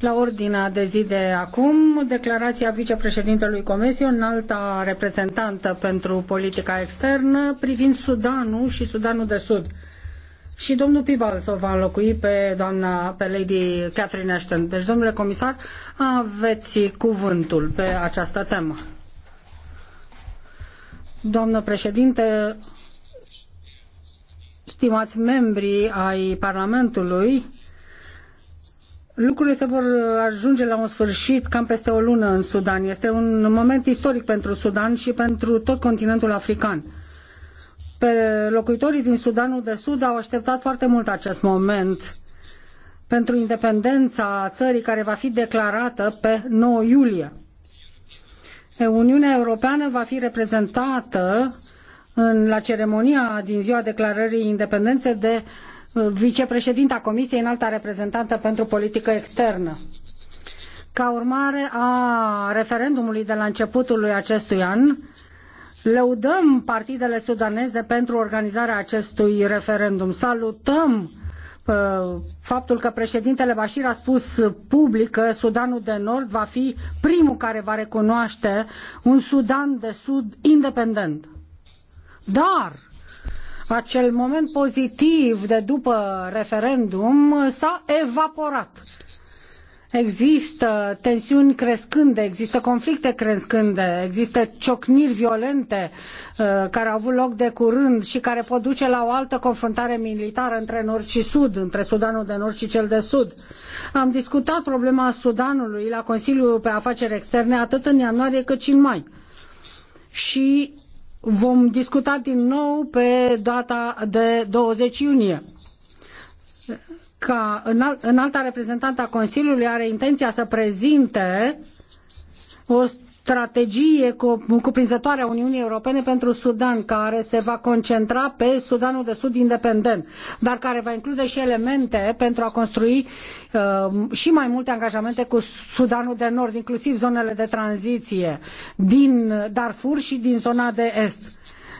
la ordinea de zi de acum declarația vicepreședintelui comisiei înalta reprezentantă pentru politica externă privind sudanul și sudanul de sud și domnul piebalgs o va înlocui pe doamna pe lady Catherine Ashton. Deci, domnule comisar, avei cuvântul pe această temă. Doamnă președinte, stimați membri ai Parlamentului, Lucrurile se vor ajunge la un sfârșit cam peste o lună în Sudan. Este un moment istoric pentru Sudan și pentru tot continentul african. Pe locuitorii din Sudanul de Sud au așteptat foarte mult acest moment pentru independența țării care va fi declarată pe 9 iulie. Uniunea Europeană va fi reprezentată în, la ceremonia din ziua declarării independenței de uh, vicepreședinta Comisiei, înalta reprezentantă pentru politică externă. Ca urmare a referendumului de la începutul lui acestui an, lăudăm partidele sudaneze pentru organizarea acestui referendum. Salutăm uh, faptul că președintele Bashir a spus public că Sudanul de Nord va fi primul care va recunoaște un Sudan de Sud independent. Dar acel moment pozitiv de după referendum s-a evaporat. Există tensiuni crescânde, există conflicte crescânde, există ciocniri violente uh, care au avut loc de curând și care pot duce la o altă confruntare militară între nord și sud, între Sudanul de nord și cel de sud. Am discutat problema Sudanului la Consiliul pe Afaceri Externe atât în ianuarie cât și în mai. Și vom discuta din nou pe data de 20 iunie. Ca înalta reprezentantă a Consiliului are intenția să prezinte o strategie cuprinzătoare a Uniunii Europene pentru Sudan, care se va concentra pe Sudanul de Sud independent, dar care va include și elemente pentru a construi uh, și mai multe angajamente cu Sudanul de Nord, inclusiv zonele de tranziție din Darfur și din zona de est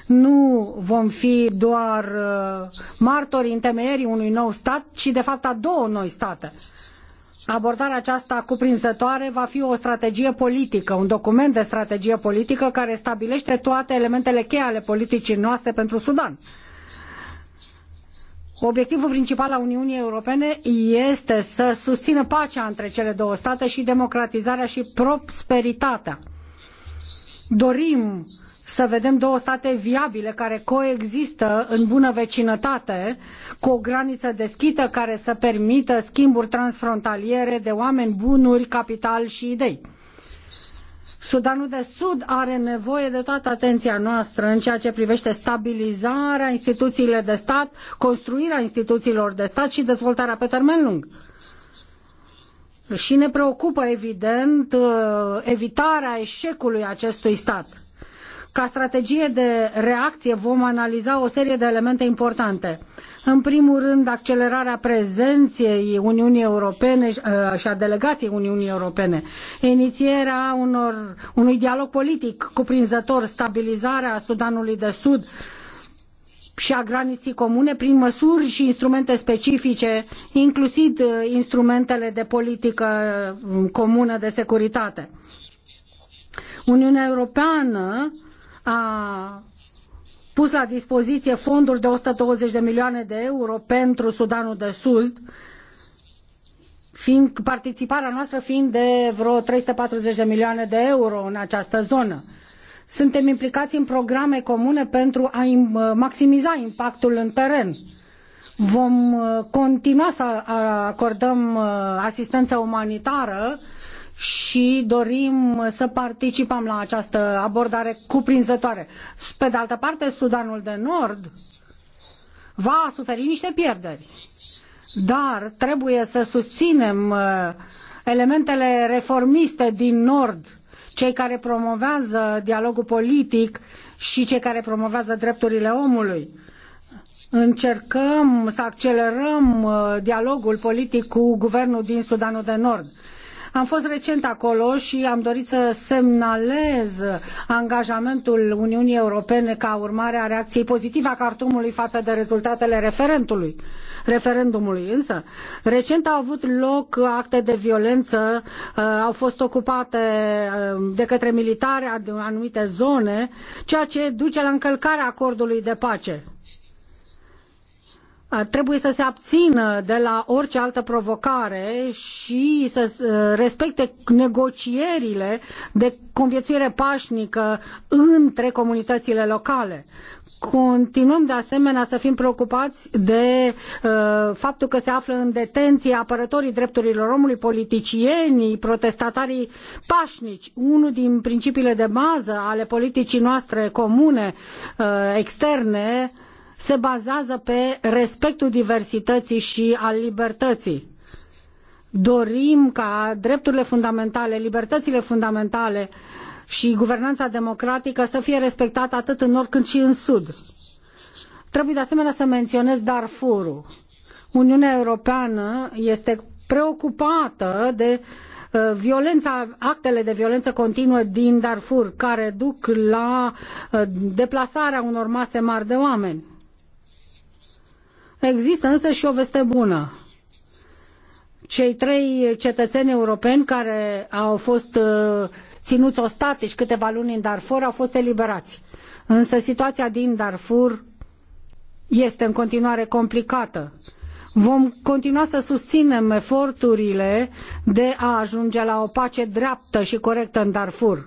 nu vom fi doar uh, martori întemeierii unui nou stat, ci de fapt a două noi state abordarea aceasta cuprinzătoare va fi o strategie politică, un document de strategie politică care stabilește toate elementele cheie ale politicii noastre pentru Sudan. Obiectivul principal al Uniunii Europene este să susțină pacea între cele două state și democratizarea și prosperitatea. Dorim să vedem două state viabile care coexistă în bună vecinătate cu o graniță deschisă care să permită schimburi transfrontaliere de oameni, bunuri, capital și idei. Sudanul de Sud are nevoie de toată atenția noastră în ceea ce privește stabilizarea instituțiilor de stat, construirea instituțiilor de stat și dezvoltarea pe termen lung. Și ne preocupă, evident, uh, evitarea eșecului acestui stat ca strategie de reacție vom analiza o serie de elemente importante. În primul rând, accelerarea prezenței Uniunii Europene uh, și a delegației Uniunii Europene, inițierea unor, unui dialog politic cuprinzător, stabilizarea Sudanului de Sud, și a graniții comune prin măsuri și instrumente specifice, inclusiv uh, instrumentele de politică uh, comună de securitate. Uniunea Europeană uh, a pus la dispoziție fonduri de 120 de milioane de euro pentru Sudanul de Sud, fiind, participarea noastră fiind de vreo 340 de milioane de euro în această zonă. Suntem implicați în programe comune pentru a uh, maximiza impactul în teren. Vom uh, continua să acordăm uh, asistență umanitară uh, și dorim să participăm la această abordare cuprinzătoare. Pe de altă parte, Sudanul de Nord va suferi niște pierderi, dar trebuie să susținem uh, elementele reformiste din Nord, cei care promovează dialogul politic și cei care promovează drepturile omului încercăm să accelerăm uh, dialogul politic cu guvernul din Sudanul de Nord. Am fost recent acolo și am dorit să semnalez angajamentul Uniunii Europene ca urmare a reacției pozitive a Cartumului față de rezultatele referendumului. Însă, recent au avut loc acte de violență, uh, au fost ocupate uh, de către militari anumite zone, ceea ce duce la încălcarea acordului de pace trebuie să se abțină de la orice altă provocare și să respecte negocierile de conviețuire pașnică între comunitățile locale. Continuăm de asemenea să fim preocupați de uh, faptul că se află în detenție apărătorii drepturilor omului, politicienii, protestatarii pașnici. Unul din principiile de bază ale politicii noastre comune uh, externe uh, se bazează pe respectul diversității și al libertății. Dorim ca drepturile fundamentale, libertățile fundamentale și guvernanța democratică să fie respectate atât în nord cât și în sud. Trebuie de asemenea să menționez Darfurul. Uniunea Europeană este preocupată de uh, violența, actele de violență continuă din Darfur, care duc la uh, deplasarea unor mase mari de oameni. Există însă și o veste bună. Cei trei cetățeni europeni care au fost uh, ținuți ostatici câteva luni în Darfur au fost eliberați. Însă situația din Darfur este în continuare complicată. Vom continua să susținem eforturile de a ajunge la o pace dreaptă și corectă în Darfur.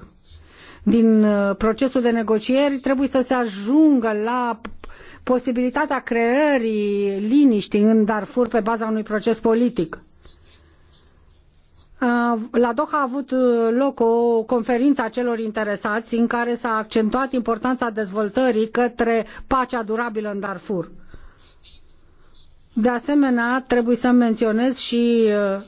Din uh, procesul de negocieri trebuie să se ajungă la posibilitatea creării liniștii în Darfur pe baza unui proces politic. La Doha a avut uh, loc o conferință a celor interesați în care s-a accentuat importanța dezvoltării către pacea durabilă în Darfur. De asemenea, trebuie să menționez și uh,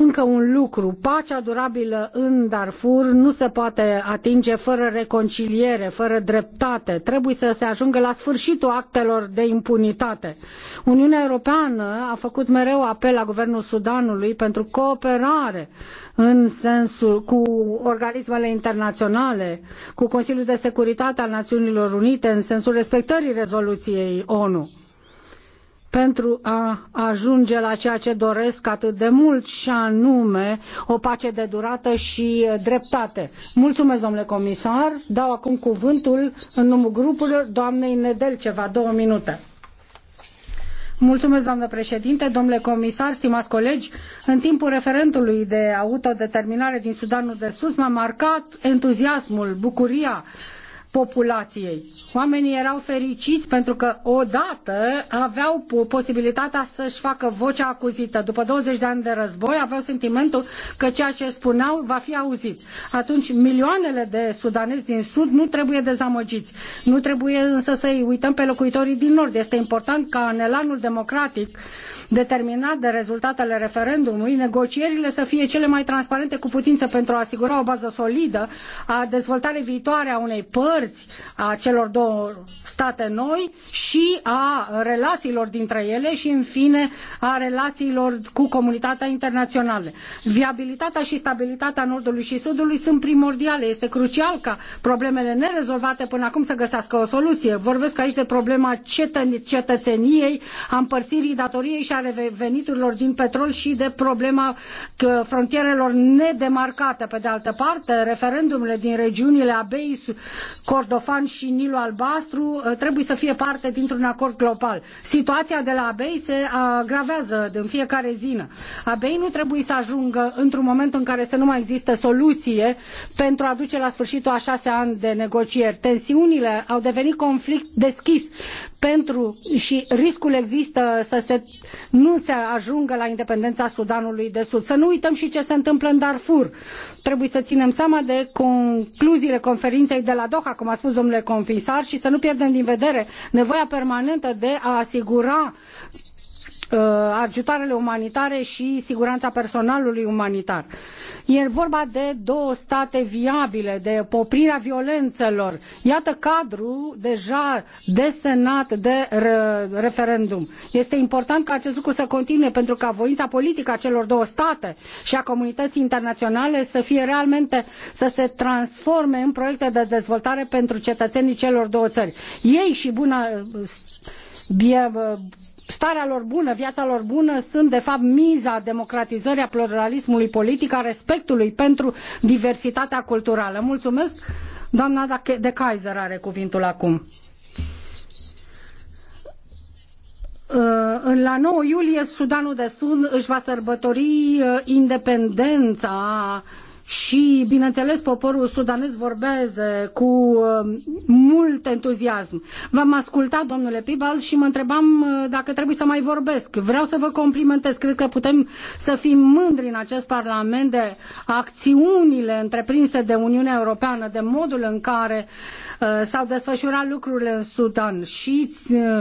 încă un lucru, pacea durabilă în Darfur nu se poate atinge fără reconciliere, fără dreptate. Trebuie să se ajungă la sfârșitul actelor de impunitate. Uniunea Europeană a făcut mereu apel la guvernul Sudanului pentru cooperare în sensul cu organismele internaționale, cu Consiliul de Securitate al Națiunilor Unite în sensul respectării rezoluției ONU pentru a ajunge la ceea ce doresc atât de mult și anume o pace de durată și dreptate. Mulțumesc, domnule comisar. Dau acum cuvântul în numul grupurilor doamnei Nedelceva, două minute. Mulțumesc, doamnă președinte, domnule comisar, stimați colegi. În timpul referendului de autodeterminare din Sudanul de Sud m-a marcat entuziasmul, bucuria populației. Oamenii erau fericiți pentru că odată aveau posibilitatea să-și facă vocea acuzită. După 20 de ani de război aveau sentimentul că ceea ce spuneau va fi auzit. Atunci milioanele de sudanezi din sud nu trebuie dezamăgiți. Nu trebuie însă să-i uităm pe locuitorii din nord. Este important ca în elanul democratic determinat de rezultatele referendumului, negocierile să fie cele mai transparente cu putință pentru a asigura o bază solidă a dezvoltării viitoare a unei părți părți a celor două state noi și a relațiilor dintre ele și, în fine, a relațiilor cu comunitatea internațională. Viabilitatea și stabilitatea Nordului și Sudului sunt primordiale. Este crucial ca problemele nerezolvate până acum să găsească o soluție. Vorbesc aici de problema cetățeniei, a împărțirii datoriei și a veniturilor din petrol și de problema uh, frontierelor nedemarcate. Pe de altă parte, referendumurile din regiunile Abei Cordofan și Nilul Albastru uh, trebuie să fie parte dintr-un acord global. Situația de la Abei se agravează în fiecare zi. Abei nu trebuie să ajungă într-un moment în care să nu mai există soluție pentru a duce la sfârșitul a șase ani de negocieri. Tensiunile au devenit conflict deschis pentru și riscul există să se, nu se ajungă la independența Sudanului de Sud. Să nu uităm și ce se întâmplă în Darfur. Trebuie să ținem seama de concluziile conferinței de la Doha cum a spus domnule comisar, și să nu pierdem din vedere nevoia permanentă de a asigura Uh, ajutoarele umanitare și siguranța personalului umanitar. E vorba de două state viabile, de poprirea violențelor. Iată cadrul deja desenat de referendum. Este important ca acest lucru să continue pentru ca voința politică a celor două state și a comunității internaționale să fie realmente, să se transforme în proiecte de dezvoltare pentru cetățenii celor două țări. Ei și bună starea lor bună, viața lor bună sunt de fapt miza democratizării, a pluralismului politic, a respectului pentru diversitatea culturală. Mulțumesc. Doamna de Kaiser are cuvintul acum. Uh, la 9 iulie Sudanul de Sud își va sărbători uh, independența și, bineînțeles, poporul sudanez vorbeze cu um, mult entuziasm. V-am ascultat, domnule Pibal, și mă întrebam uh, dacă trebuie să mai vorbesc. Vreau să vă complimentez. Cred că putem să fim mândri în acest Parlament de acțiunile întreprinse de Uniunea Europeană, de modul în care uh, s-au desfășurat lucrurile în Sudan și uh,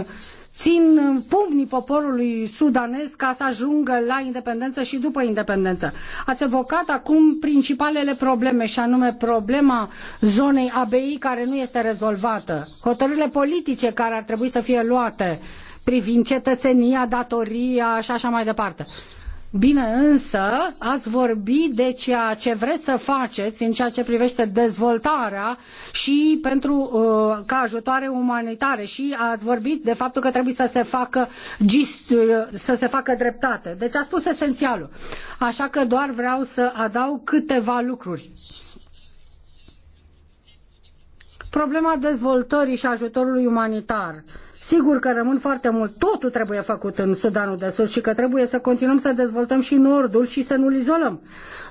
țin în pumnii poporului sudanez ca să ajungă la independență și după independență. Ați evocat acum principalele probleme și anume problema zonei ABI care nu este rezolvată, hotărârile politice care ar trebui să fie luate privind cetățenia, datoria și așa mai departe. Bine însă, ați vorbit de ceea ce vreți să faceți în ceea ce privește dezvoltarea și pentru uh, ca ajutoare umanitare și ați vorbit de faptul că trebuie să se facă uh, să se facă dreptate. Deci a spus esențialul. Așa că doar vreau să adaug câteva lucruri. Problema dezvoltării și ajutorului umanitar. Uh, Sigur că rămân foarte mult, totul trebuie făcut în Sudanul de Sud și că trebuie să continuăm să dezvoltăm și Nordul și să nu-l izolăm.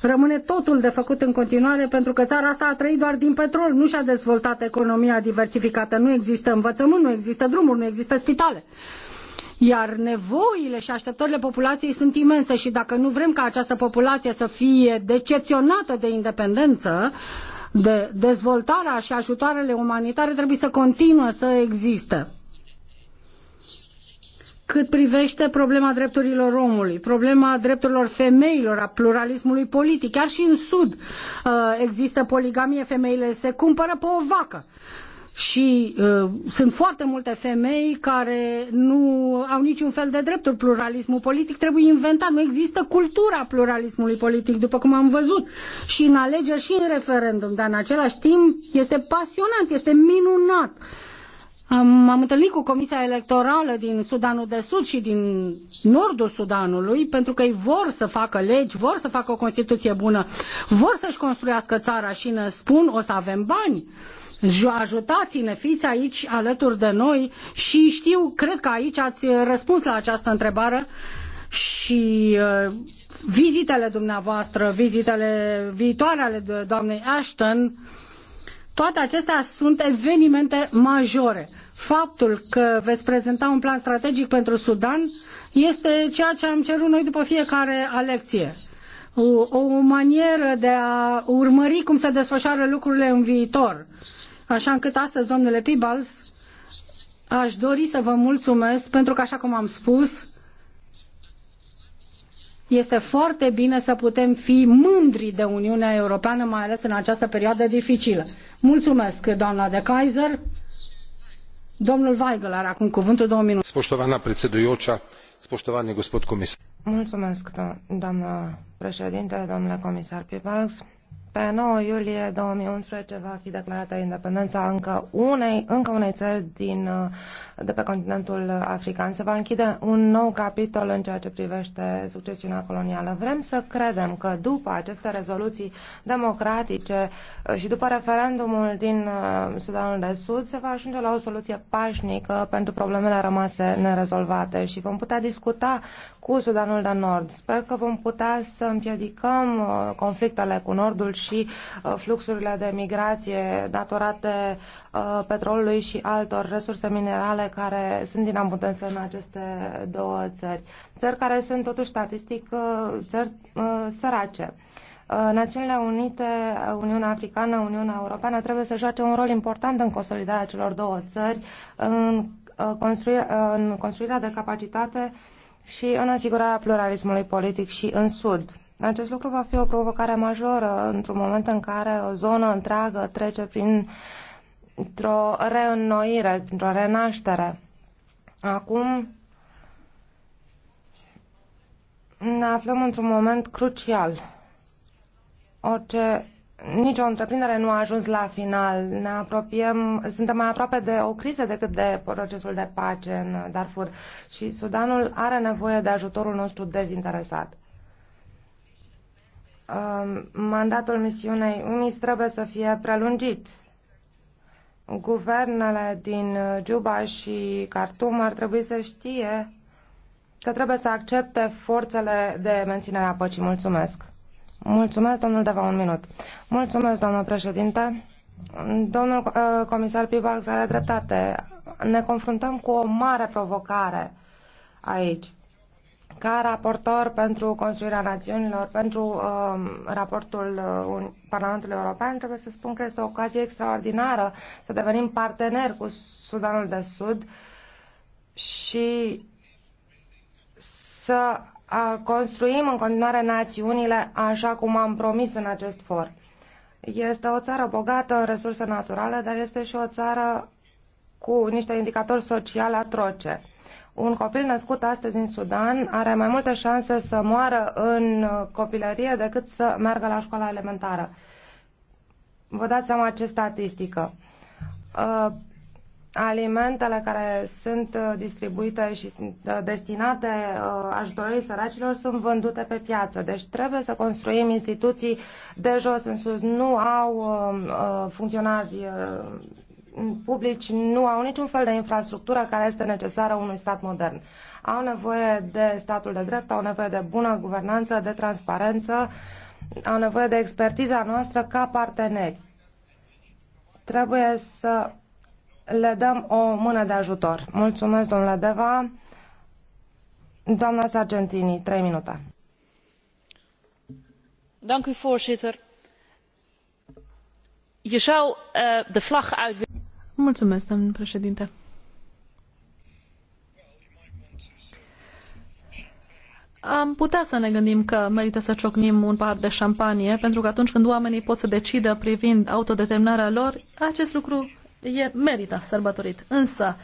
Rămâne totul de făcut în continuare pentru că țara asta a trăit doar din petrol, nu și-a dezvoltat economia diversificată, nu există învățământ, nu există drumuri, nu există spitale iar nevoile și așteptările populației sunt imense și dacă nu vrem ca această populație să fie decepționată de independență, de dezvoltarea și ajutoarele umanitare trebuie să continue să existe cât privește problema drepturilor omului, problema drepturilor femeilor, a pluralismului politic. Chiar și în Sud uh, există poligamie, femeile se cumpără pe o vacă și uh, sunt foarte multe femei care nu au niciun fel de drepturi. Pluralismul politic trebuie inventat. Nu există cultura pluralismului politic, după cum am văzut și în alegeri și în referendum, dar în același timp este pasionant, este minunat. Uh, M-am întâlnit cu Comisia Electorală din Sudanul de Sud și din nordul Sudanului, pentru că ei vor să facă legi, vor să facă o Constituție bună, vor să-și construiască țara și ne spun o să avem bani. Ajutați-ne, fiți aici alături de noi și știu, cred că aici ați răspuns la această întrebare și uh, vizitele dumneavoastră, vizitele viitoare ale doamnei Ashton, uh, toate acestea sunt evenimente majore. Faptul că veți prezenta un plan strategic pentru Sudan este ceea ce am cerut noi după fiecare alecție. O, o manieră de a urmări cum se desfășoară lucrurile în viitor. Așa încât astăzi, domnule Pibals, aș dori să vă mulțumesc pentru că, așa cum am spus, este foarte bine să putem fi mândri de Uniunea Europeană, mai ales în această perioadă dificilă. Mulțumesc, doamna de Kaiser. Domnul Weigel are acum cuvântul două minute. Spoștovana predsedujoča, spoștovani gospod comisar. Mulțumesc, doamna președinte, domnule comisar Pivals. Pe 9 iulie 2011 va fi declarată independența încă unei, încă unei țări din, de pe continentul african. Se va închide un nou capitol în ceea ce privește succesiunea colonială. Vrem să credem că după aceste rezoluții democratice și după referendumul din uh, Sudanul de Sud se va ajunge la o soluție pașnică pentru problemele rămase nerezolvate și vom putea discuta cu Sudanul de Nord. Sper că vom putea să împiedicăm uh, conflictele cu Nordul și și uh, fluxurile de migrație datorate uh, petrolului și altor resurse minerale care sunt din abundență în aceste două țări. Țări care sunt totuși statistic uh, țări sărace. Națiunile Unite, Uniunea Africană, Uniunea Europeană trebuie să joace un rol important în consolidarea celor două țări, în, construirea, în construirea de capacitate și în asigurarea pluralismului politic și în Sud. Acest lucru va fi o provocare majoră într-un moment în care o zonă întreagă trece printr-o reînnoire, printr-o renaștere. Acum ne aflăm într-un moment crucial. Orice, nicio întreprindere nu a ajuns la final. Ne apropiem, suntem mai aproape de o criză decât de procesul de pace în Darfur și Sudanul are nevoie de ajutorul nostru dezinteresat. Um, mandatul misiunei UNIS trebuie să fie prelungit. Guvernele din uh, Juba și Khartoum ar trebui să știe că trebuie să accepte forțele de menținere a păcii. Mulțumesc. Mulțumesc, domnul Deva, un minut. Mulțumesc, domnul președinte. Domnul uh, comisar Pibalx are dreptate. Ne confruntăm cu o mare provocare aici ca raportor pentru construirea națiunilor, pentru uh, raportul uh, Parlamentului European, trebuie să spun că este o ocazie extraordinară să devenim partener cu Sudanul de Sud și să uh, construim în continuare națiunile așa cum am promis în acest for. Este o țară bogată în resurse naturale, dar este și o țară cu niște indicatori sociale atroce un copil născut astăzi în Sudan are mai multe șanse să moară în copilărie decât să meargă la școala elementară. Vă dați seama ce statistică. Uh, alimentele care sunt uh, distribuite și sunt uh, destinate ajutorării săracilor sunt vândute pe piață. Deci trebuie să construim instituții de jos în sus. Nu au funcționari publici nu au niciun fel de infrastructură care este necesară unui stat modern. Au nevoie de statul de drept, au nevoie de bună guvernanță, de transparență, au nevoie de expertiza noastră ca parteneri. Trebuie să le dăm o mână de ajutor. Mulțumesc, domnule Deva. Doamna Sargentini, trei minute. Dank u, voorzitter. Je zou uh, de vlag uit Mulțumesc, domnul președinte. Am putea să ne gândim că merită să ciocnim un pahar de șampanie, pentru că atunci când oamenii pot să decidă privind autodeterminarea lor, acest lucru e merită sărbătorit. Însă,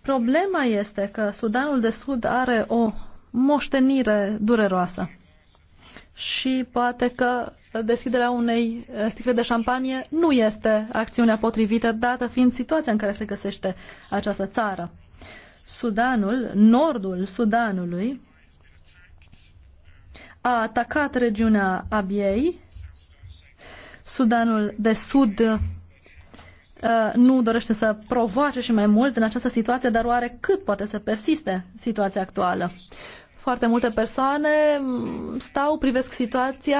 problema este că Sudanul de Sud are o moștenire dureroasă și poate că deschiderea unei sticle de șampanie nu este acțiunea potrivită, dată fiind situația în care se găsește această țară. Sudanul, nordul Sudanului, a atacat regiunea Abiei. Sudanul de Sud uh, nu dorește să provoace și mai mult în această situație, dar oare cât poate să persiste situația actuală? Foarte multe persoane mm, stau, privesc situația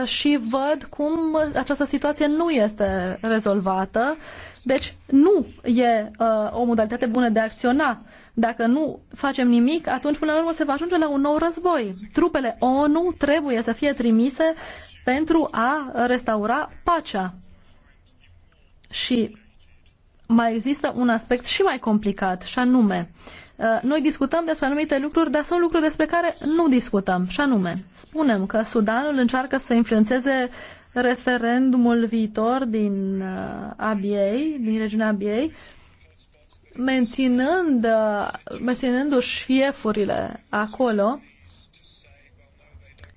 uh, și văd cum această situație nu este rezolvată. Deci nu e uh, o modalitate bună de a acționa. Dacă nu facem nimic, atunci până la urmă se va ajunge la un nou război. Trupele ONU trebuie să fie trimise pentru a restaura pacea. Și mai există un aspect și mai complicat, și anume, Uh, noi discutăm despre anumite lucruri, dar sunt lucruri despre care nu discutăm. Și anume, spunem că Sudanul încearcă să influențeze referendumul viitor din uh, Abiei, din regiunea Abiei, menținând, uh, menținându-și fiefurile acolo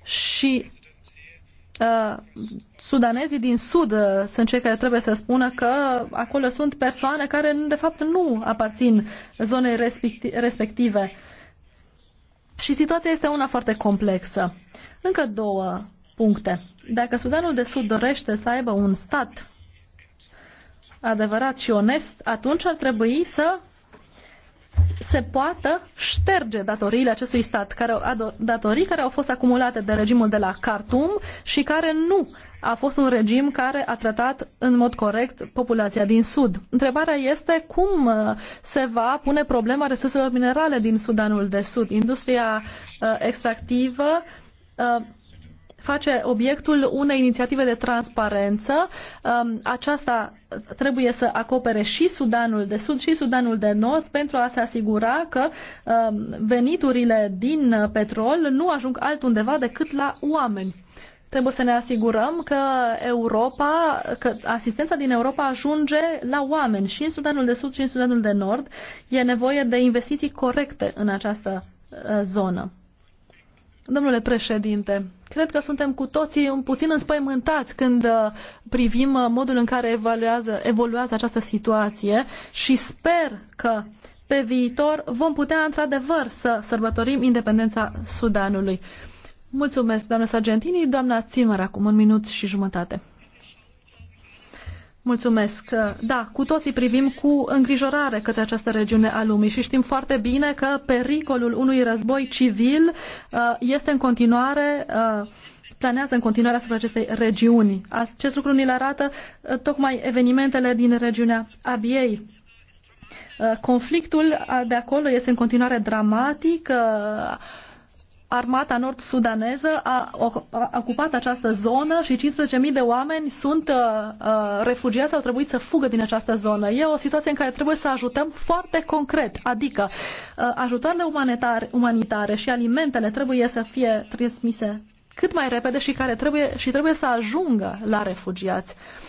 și Uh, sudanezii din sud uh, sunt cei care trebuie să spună că acolo sunt persoane care de fapt nu aparțin zonei respective. Și situația este una foarte complexă. Încă două puncte. Dacă Sudanul de Sud dorește să aibă un stat adevărat și onest, atunci ar trebui să se poată șterge datoriile acestui stat, care, datorii care au fost acumulate de regimul de la Khartoum și care nu a fost un regim care a tratat în mod corect populația din Sud. Întrebarea este cum uh, se va pune problema resurselor minerale din Sudanul de Sud. Industria uh, extractivă uh, face obiectul unei inițiative de transparență. Um, aceasta trebuie să acopere și Sudanul de Sud și Sudanul de Nord pentru a se asigura că um, veniturile din petrol nu ajung altundeva decât la oameni trebuie să ne asigurăm că Europa, că asistența din Europa ajunge la oameni și în Sudanul de Sud și în Sudanul de Nord. E nevoie de investiții corecte în această uh, zonă. Domnule președinte, cred că suntem cu toții un puțin înspăimântați când uh, privim uh, modul în care evaluează, evoluează această situație și sper că pe viitor vom putea într-adevăr să sărbătorim independența Sudanului. Mulțumesc, doamna Sargentini, doamna Țimăr, acum un minut și jumătate. Mulțumesc. Da, cu toții privim cu îngrijorare către această regiune a lumii și știm foarte bine că pericolul unui război civil uh, este în continuare uh, planează în continuare asupra acestei regiuni. Acest lucru ni-l arată uh, tocmai evenimentele din regiunea Abiei. Conflictul de acolo este în continuare dramatic, armata nord-sudaneză a, ocupat această zonă și 15.000 de oameni sunt uh, uh, refugiați, au trebuit să fugă din această zonă. E o situație în care trebuie să ajutăm foarte concret, adică uh, ajutoarele umanitare, umanitare și alimentele trebuie să fie transmise cât mai repede și care trebuie, și trebuie să ajungă la refugiați. Uh,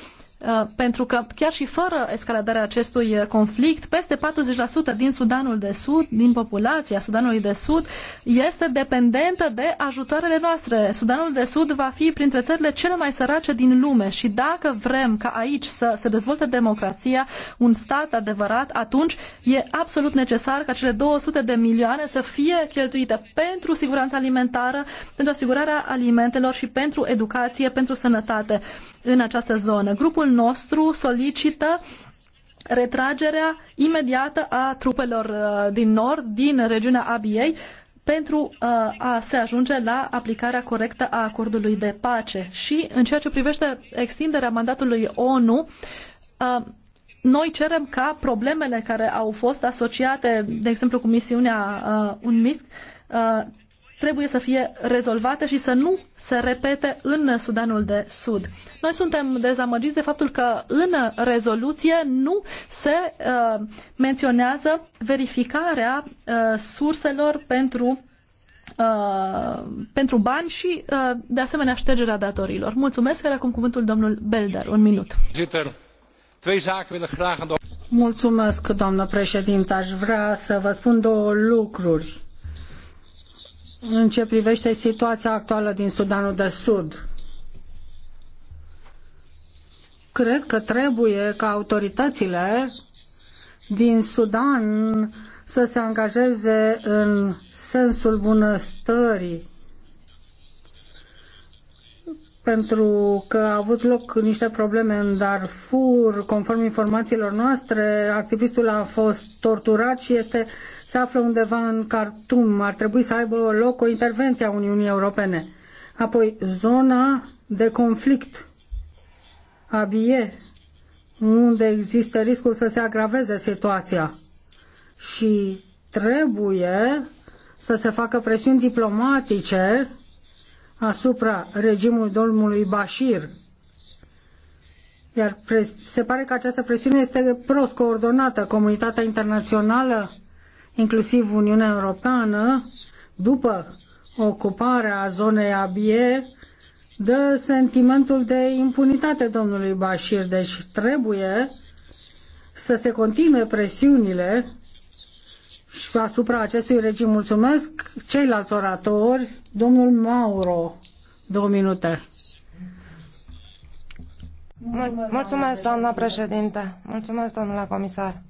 Uh, pentru că chiar și fără escaladarea acestui uh, conflict, peste 40% din Sudanul de Sud, din populația Sudanului de Sud, este dependentă de ajutoarele noastre. Sudanul de Sud va fi printre țările cele mai sărace din lume și dacă vrem ca aici să se dezvolte democrația, un stat adevărat, atunci e absolut necesar ca cele 200 de milioane să fie cheltuite pentru siguranța alimentară, pentru asigurarea alimentelor și pentru educație, pentru sănătate în această zonă. Grupul nostru solicită retragerea imediată a trupelor uh, din nord, din regiunea Abiei, pentru uh, a se ajunge la aplicarea corectă a acordului de pace. Și în ceea ce privește extinderea mandatului ONU, uh, noi cerem ca problemele care au fost asociate, de exemplu, cu misiunea UNMISC, trebuie să fie rezolvate și să nu se repete în Sudanul de Sud. Noi suntem dezamăgiți de faptul că în rezoluție nu se uh, menționează verificarea uh, surselor pentru Uh, pentru bani și, uh, de asemenea, ștergerea datorilor. Mulțumesc, iar acum cuvântul domnul Belder. Un minut. Mulțumesc, doamnă președinte. Aș vrea să vă spun două lucruri în ce privește situația actuală din Sudanul de Sud. Cred că trebuie ca autoritățile din Sudan să se angajeze în sensul bunăstării pentru că au avut loc niște probleme în Darfur, conform informațiilor noastre, activistul a fost torturat și este se află undeva în Khartoum. Ar trebui să aibă loc o intervenție a Uniunii Europene. Apoi, zona de conflict, Abie, unde există riscul să se agraveze situația. Și trebuie să se facă presiuni diplomatice asupra regimului domnului Bashir. Iar se pare că această presiune este prost coordonată. Comunitatea internațională inclusiv Uniunea Europeană, după ocuparea zonei Abie, dă sentimentul de impunitate domnului Bashir, deci trebuie să se continue presiunile și asupra acestui regim. Mulțumesc ceilalți oratori, domnul Mauro, două minute. Mulțumesc, doamna președinte. Mulțumesc, domnule comisar.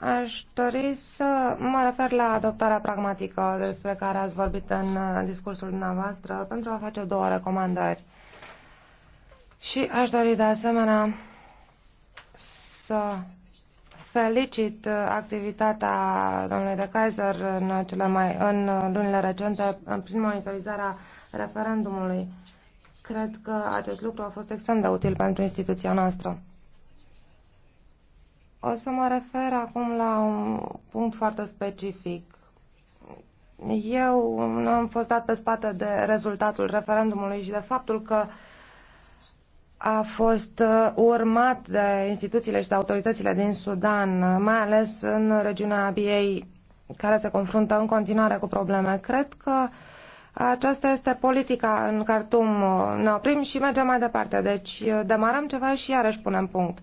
Aș dori să mă refer la adoptarea pragmatică despre care ați vorbit în uh, discursul dumneavoastră pentru a face două recomandări. Și aș dori de asemenea să felicit uh, activitatea domnului de Kaiser în, uh, cele mai, în lunile recente prin monitorizarea referendumului. Cred că acest lucru a fost extrem de util pentru instituția noastră. O să mă refer acum la un punct foarte specific. Eu nu am fost dat pe spate de rezultatul referendumului și de faptul că a fost uh, urmat de instituțiile și de autoritățile din Sudan, mai ales în regiunea Abiei, care se confruntă în continuare cu probleme. Cred că aceasta este politica în Cartum. Ne oprim și mergem mai departe. Deci uh, demarăm ceva și iarăși punem punct.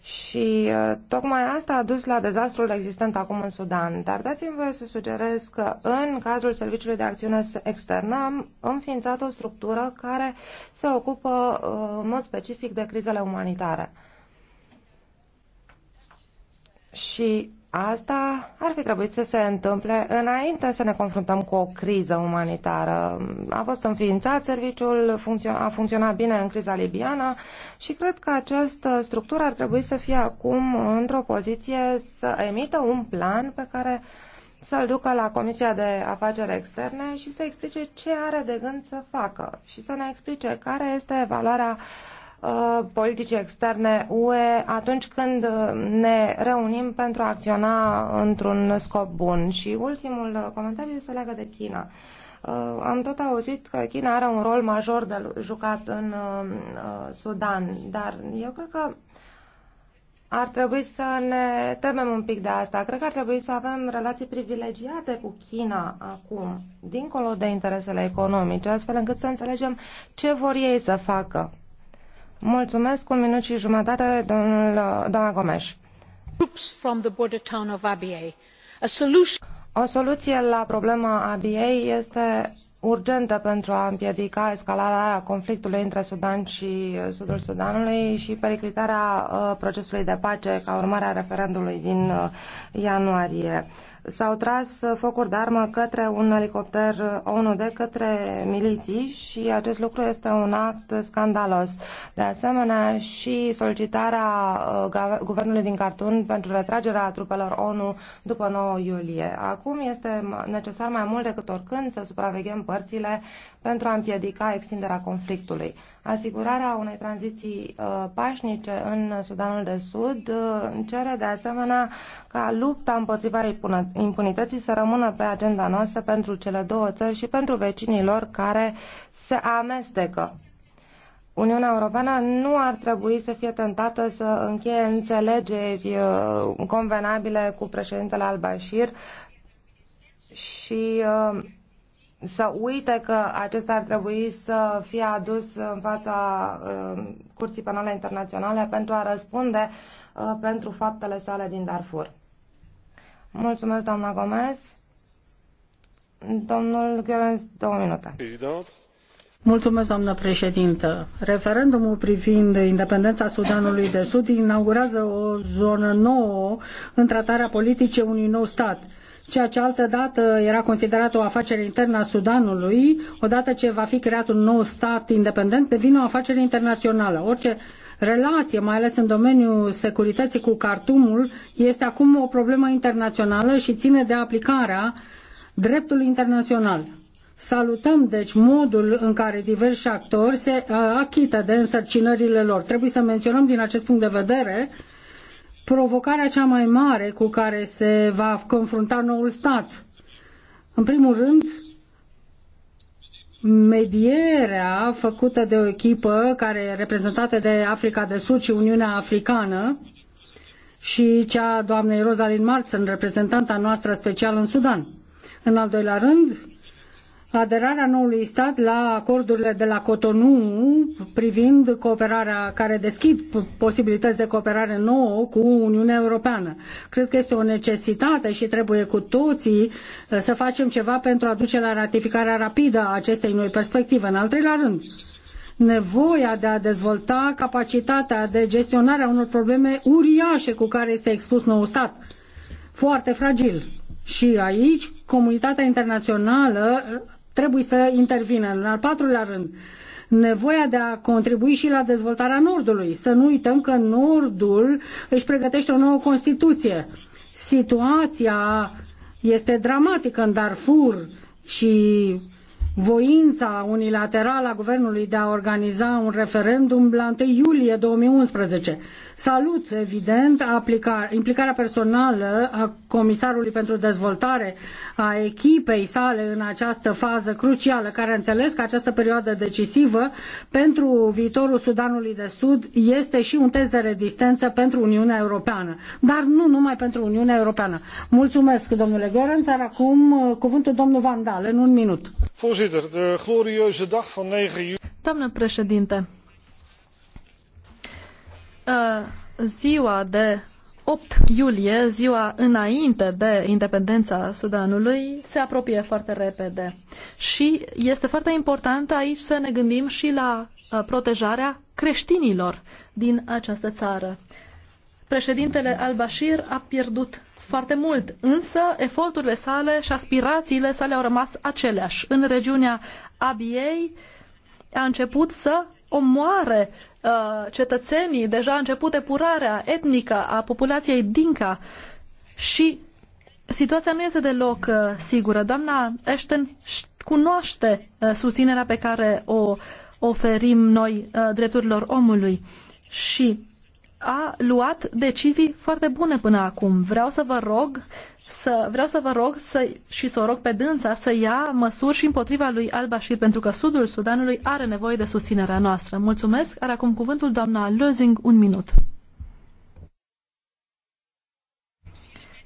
Și uh, tocmai asta a dus la dezastrul existent acum în Sudan. Dar dați-mi voie să sugerez că în cadrul Serviciului de Acțiune Externă am înființat o structură care se ocupă uh, în mod specific de crizele umanitare. Și Asta ar fi trebuit să se întâmple înainte să ne confruntăm cu o criză umanitară. A fost înființat serviciul, a funcționat bine în criza libiană și cred că această structură ar trebui să fie acum într-o poziție să emită un plan pe care să-l ducă la Comisia de Afaceri Externe și să explice ce are de gând să facă și să ne explice care este valoarea uh, Uh, politicii externe UE atunci când uh, ne reunim pentru a acționa într-un scop bun. Și ultimul uh, comentariu se leagă de China. Am tot auzit că China are un rol major de jucat în Sudan, dar eu cred că ar trebui să ne temem un pic de asta. Cred că ar trebui să avem relații privilegiate cu China acum, dincolo de interesele economice, astfel încât să înțelegem ce vor ei să facă. Mulțumesc un minut și jumătate, domnul, doamna Gomes. O soluție la problema Abiei este urgentă pentru a împiedica escaladarea conflictului între Sudan și uh, Sudul Sudanului și periclitarea uh, procesului de pace ca urmare a referendului din uh, ianuarie s-au tras focuri de armă către un elicopter ONU de către miliții și acest lucru este un act scandalos. De asemenea, și solicitarea uh, guvernului din Cartun pentru retragerea trupelor ONU după 9 iulie. Acum este necesar mai mult decât oricând să supraveghem părțile pentru a împiedica extinderea conflictului. Asigurarea unei tranziții uh, pașnice în Sudanul de Sud uh, cere de asemenea ca lupta împotriva impunității să rămână pe agenda noastră pentru cele două țări și pentru vecinii lor care se amestecă. Uniunea Europeană nu ar trebui să fie tentată să încheie înțelegeri uh, convenabile cu președintele al-Bashir și să uite că acesta ar trebui să fie adus în fața uh, Curții Penale Internaționale pentru a răspunde uh, pentru faptele sale din Darfur. Mulțumesc, doamna Gomez. Domnul Gheorens, două minute. Mulțumesc, doamnă președintă. Referendumul privind independența Sudanului de Sud inaugurează o zonă nouă în tratarea politicii unui nou stat – ceea ce altă dată era considerat o afacere internă a Sudanului, odată ce va fi creat un nou stat independent, devine o afacere internațională. Orice relație, mai ales în domeniul securității cu Cartumul, este acum o problemă internațională și ține de aplicarea dreptului internațional. Salutăm, deci, modul în care diversi actori se uh, achită de însărcinările lor. Trebuie să menționăm din acest punct de vedere provocarea cea mai mare cu care se va confrunta noul stat. În primul rând, medierea făcută de o echipă care reprezentată de Africa de Sud și Uniunea Africană și cea a doamnei Rosalind Marson, reprezentanta noastră specială în Sudan. În al doilea rând, aderarea noului stat la acordurile de la Cotonou privind cooperarea care deschid posibilități de cooperare nouă cu Uniunea Europeană. Cred că este o necesitate și trebuie cu toții uh, să facem ceva pentru a duce la ratificarea rapidă a acestei noi perspective. În al treilea rând, nevoia de a dezvolta capacitatea de gestionare a unor probleme uriașe cu care este expus noul stat. Foarte fragil. Și aici comunitatea internațională trebuie să intervină. În al patrulea rând, nevoia de a contribui și la dezvoltarea Nordului. Să nu uităm că Nordul își pregătește o nouă Constituție. Situația este dramatică în Darfur și voința unilaterală a guvernului de a organiza un referendum la 1 iulie 2011. Salut, evident, implicarea personală a Comisarului pentru Dezvoltare, a echipei sale în această fază crucială, care înțeles că această perioadă decisivă pentru viitorul Sudanului de Sud este și un test de rezistență pentru Uniunea Europeană, dar nu numai pentru Uniunea Europeană. Mulțumesc, domnule Gorenț, acum uh, cuvântul domnul Vandal, în un minut voorzitter de glorieuze dag van juli. doamnă președinte ă, ziua de 8 iulie, ziua înainte de independența Sudanului, se apropie foarte repede. Și este foarte important aici să ne gândim și la ă, protejarea creștinilor din această țară. Președintele al-Bashir a pierdut foarte mult, însă eforturile sale și aspirațiile sale au rămas aceleași. În regiunea Abiei a început să omoare uh, cetățenii, deja a început epurarea etnică a populației Dinka și situația nu este deloc uh, sigură. Doamna Ashton cunoaște uh, susținerea pe care o oferim noi uh, drepturilor omului și a luat decizii foarte bune până acum. Vreau să vă rog să, vreau să vă rog să, și să o rog pe dânsa să ia măsuri și împotriva lui Al-Bashir, pentru că sudul Sudanului are nevoie de susținerea noastră. Mulțumesc. Are acum cuvântul doamna Lozing un minut.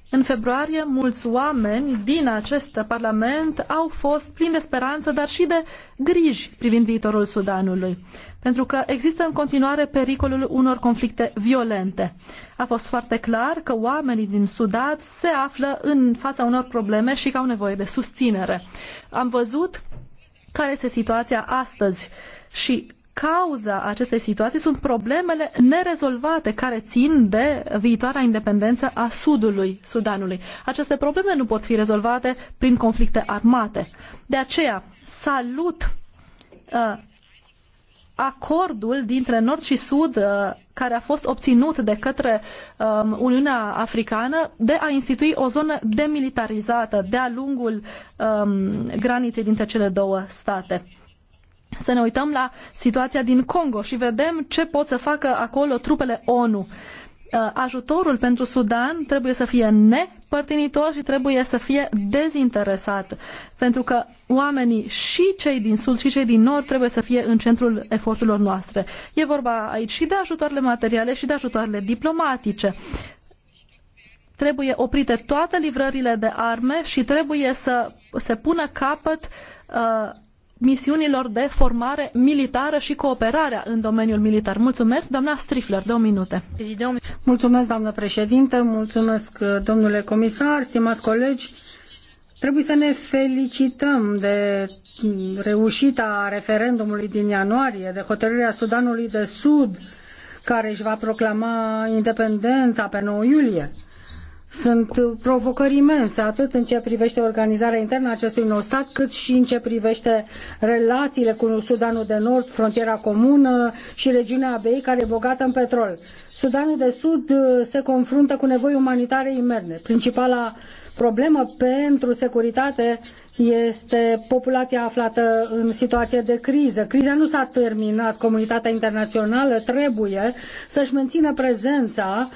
În februarie, mulți oameni din acest parlament au fost plini de speranță, dar și de griji privind viitorul Sudanului pentru că există în continuare pericolul unor conflicte violente. A fost foarte clar că oamenii din sudat se află în fața unor probleme și că au nevoie de susținere. Am văzut care este situația astăzi și cauza acestei situații sunt problemele nerezolvate care țin de viitoarea independență a sudului Sudanului. Aceste probleme nu pot fi rezolvate prin conflicte armate. De aceea salut uh, acordul dintre nord și sud uh, care a fost obținut de către um, Uniunea Africană de a institui o zonă demilitarizată de-a lungul um, graniței dintre cele două state. Să ne uităm la situația din Congo și vedem ce pot să facă acolo trupele ONU. Uh, Uh, ajutorul pentru Sudan trebuie să fie nepărtinitor și trebuie să fie dezinteresat. Pentru că oamenii și cei din sud și cei din nord trebuie să fie în centrul eforturilor noastre. E vorba aici și de ajutoarele materiale și de ajutoarele diplomatice. Trebuie oprite toate livrările de arme și trebuie să se pună capăt uh, misiunilor de formare militară și cooperarea în domeniul militar. Mulțumesc, doamna Strifler, două minute. Mulțumesc, doamnă președinte, mulțumesc, domnule comisar, stimați colegi. Trebuie să ne felicităm de reușita referendumului din ianuarie, de hotărârea Sudanului de Sud, care își va proclama independența pe 9 iulie. Sunt provocări imense, atât în ce privește organizarea internă a acestui nou stat, cât și în ce privește relațiile cu Sudanul de Nord, frontiera comună și regiunea ABI, care e bogată în petrol. Sudanul de Sud uh, se confruntă cu nevoi umanitare imerne. Principala problemă pentru securitate este populația aflată în situație de criză. Criza nu s-a terminat. Comunitatea internațională trebuie să-și mențină prezența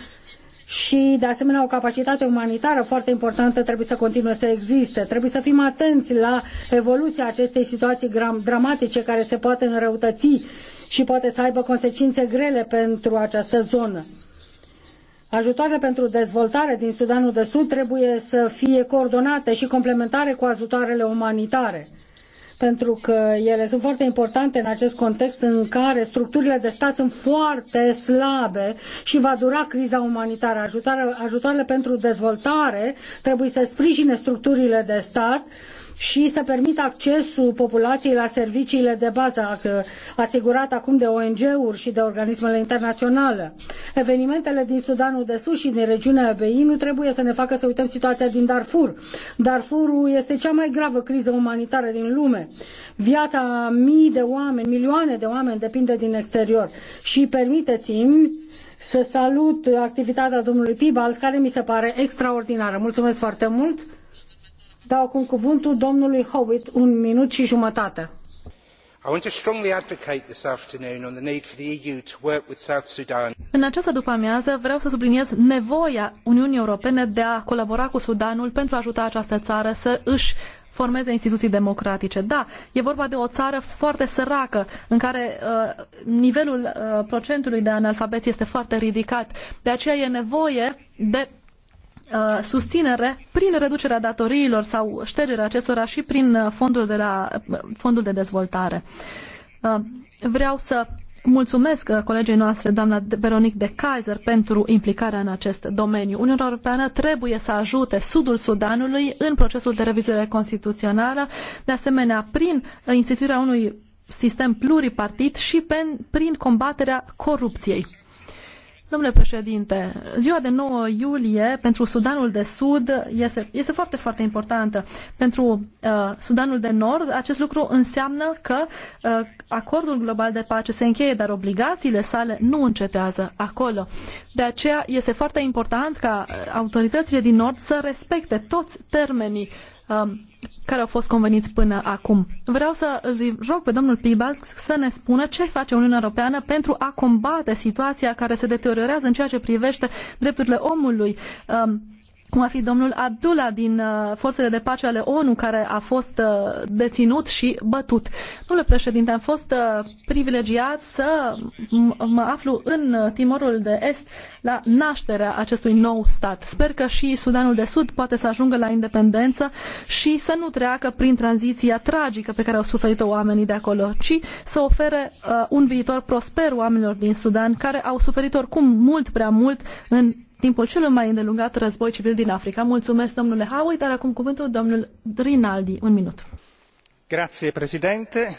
și, de asemenea, o capacitate umanitară foarte importantă trebuie să continue să existe. Trebuie să fim atenți la evoluția acestei situații dramatice care se poate înrăutăți și poate să aibă consecințe grele pentru această zonă. Ajutoarele pentru dezvoltare din Sudanul de Sud trebuie să fie coordonate și complementare cu ajutoarele umanitare pentru că ele sunt foarte importante în acest context în care structurile de stat sunt foarte slabe și va dura criza umanitară. ajutoarele pentru dezvoltare trebuie să sprijine structurile de stat uh, și să permită accesul populației la serviciile de bază asigurate acum de ONG-uri și de organismele internaționale. Evenimentele din Sudanul de Sud și din regiunea EBI nu trebuie să ne facă să uităm situația din Darfur. Darfurul este cea mai gravă criză umanitară din lume. Viața mii de oameni, milioane de oameni depinde din exterior. Și permiteți-mi să salut activitatea domnului Pibals, care mi se pare extraordinară. Mulțumesc foarte mult! Dau acum cuvântul domnului Howitt, un minut și jumătate. I want to strongly advocate this afternoon on the need for the EU to work with South Sudan. În această după-amiază vreau să subliniez nevoia Uniunii Europene de a colabora cu Sudanul pentru a ajuta această țară să își formeze instituții democratice. Da, e vorba de o țară foarte săracă, în care uh, nivelul uh, procentului de analfabet este foarte ridicat. De aceea e nevoie de Uh, susținere prin reducerea datoriilor sau ștergerea acestora și prin uh, fondul de, la, uh, fondul de dezvoltare. Vreau să mulțumesc colegii noastre, doamna Veronique de Kaiser, pentru implicarea în acest domeniu. Uniunea Europeană trebuie să ajute Sudul Sudanului în procesul de revizuire constituțională, de asemenea prin instituirea unui sistem pluripartit și prin combaterea corupției Domnule președinte, ziua de 9 iulie pentru Sudanul de Sud este, este foarte, foarte importantă. Pentru uh, Sudanul de Nord, acest lucru înseamnă că uh, acordul global de pace se încheie, dar obligațiile sale nu încetează acolo. De aceea este foarte important ca uh, autoritățile din Nord să respecte toți termenii uh, Um, care au fost conveniți până acum. Vreau să îl rog pe domnul Pibalx să ne spună ce face Uniunea Europeană pentru a combate situația care se deteriorează în ceea ce privește drepturile omului, um, cum a fi domnul Abdullah din uh, forțele de pace ale ONU, care a fost uh, deținut și bătut. Domnule președinte, am fost uh, privilegiat să mă aflu în Timorul de Est la nașterea acestui nou stat. Sper că și Sudanul de Sud poate să ajungă la independență și să nu treacă prin tranziția tragică pe care au suferit-o oamenii de acolo, ci să ofere un viitor prosper oamenilor din Sudan, care au suferit oricum mult prea mult în timpul cel mai îndelungat război civil din Africa. Mulțumesc, domnule Howie, dar acum cuvântul domnul Rinaldi. Un minut. Grazie, președinte.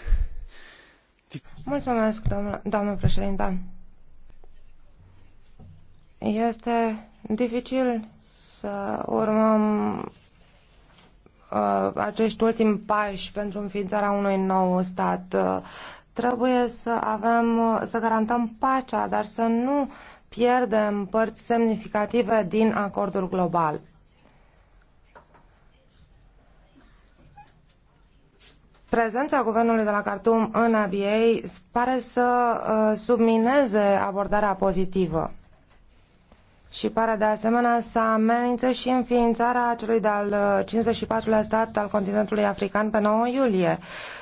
Mulțumesc, doamnă, doamnă președinte. Este dificil să urmăm uh, acești ultimi pași pentru înființarea unui nou stat. Uh, trebuie să avem, uh, să garantăm pacea, dar să nu pierdem părți semnificative din acordul global. Prezența guvernului de la Khartoum în ABA pare să uh, submineze abordarea pozitivă. Și pare de asemenea să amenință și înființarea celui de-al 54-lea uh, stat al continentului african pe 9 iulie.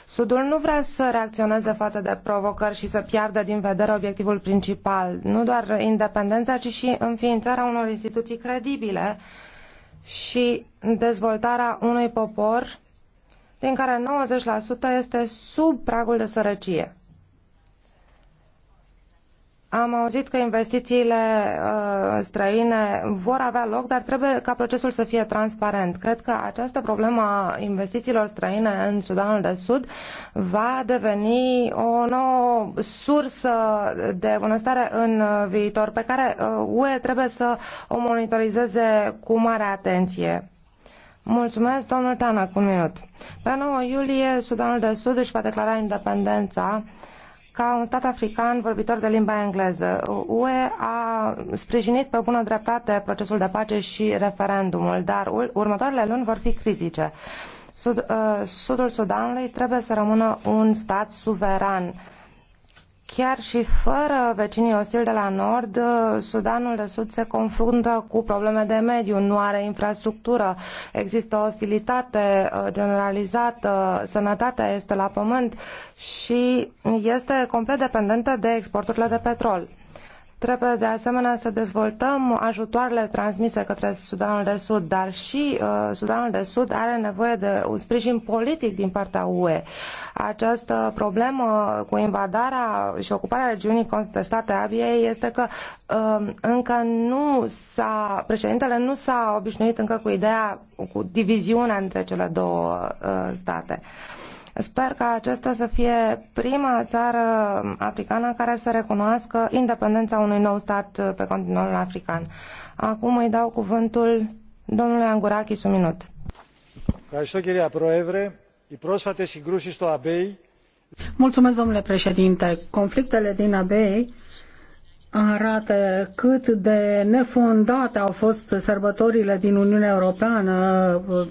Sudul nu vrea să reacționeze față de provocări și să piardă din vedere obiectivul principal, nu doar independența, ci și înființarea unor instituții credibile și dezvoltarea unui popor din care 90% este sub pragul de sărăcie. Am auzit că investițiile uh, străine vor avea loc, dar trebuie ca procesul să fie transparent. Cred că această problemă a investițiilor străine în Sudanul de Sud va deveni o nouă sursă de bunăstare în viitor, pe care uh, UE trebuie să o monitorizeze cu mare atenție. Mulțumesc, domnul Tanak, un minut. Pe 9 iulie, Sudanul de Sud își va declara independența ca un stat african vorbitor de limba engleză. UE a sprijinit pe bună dreptate procesul de pace și referendumul, dar următoarele luni vor fi critice. Sud, uh, sudul Sudanului trebuie să rămână un stat suveran Chiar și fără vecinii ostili de la nord, Sudanul de Sud se confruntă cu probleme de mediu, nu are infrastructură, există ostilitate uh, generalizată, sănătatea este la pământ și este complet dependentă de exporturile de petrol. Trebuie de asemenea să dezvoltăm ajutoarele transmise către Sudanul de Sud, dar și uh, Sudanul de Sud are nevoie de un sprijin politic din partea UE. Această problemă cu invadarea și ocuparea regiunii contestate Abiei este că uh, încă nu s-a, președintele nu s-a obișnuit încă cu ideea, cu diviziunea între cele două uh, state. Uh, Sper ca acesta să fie prima țară africană care să recunoască independența unui nou stat pe continentul african. Acum îi dau cuvântul domnului Angurakis un minut. Mulțumesc, domnule președinte. Conflictele din Abei arată cât de nefondate au fost sărbătorile din Uniunea Europeană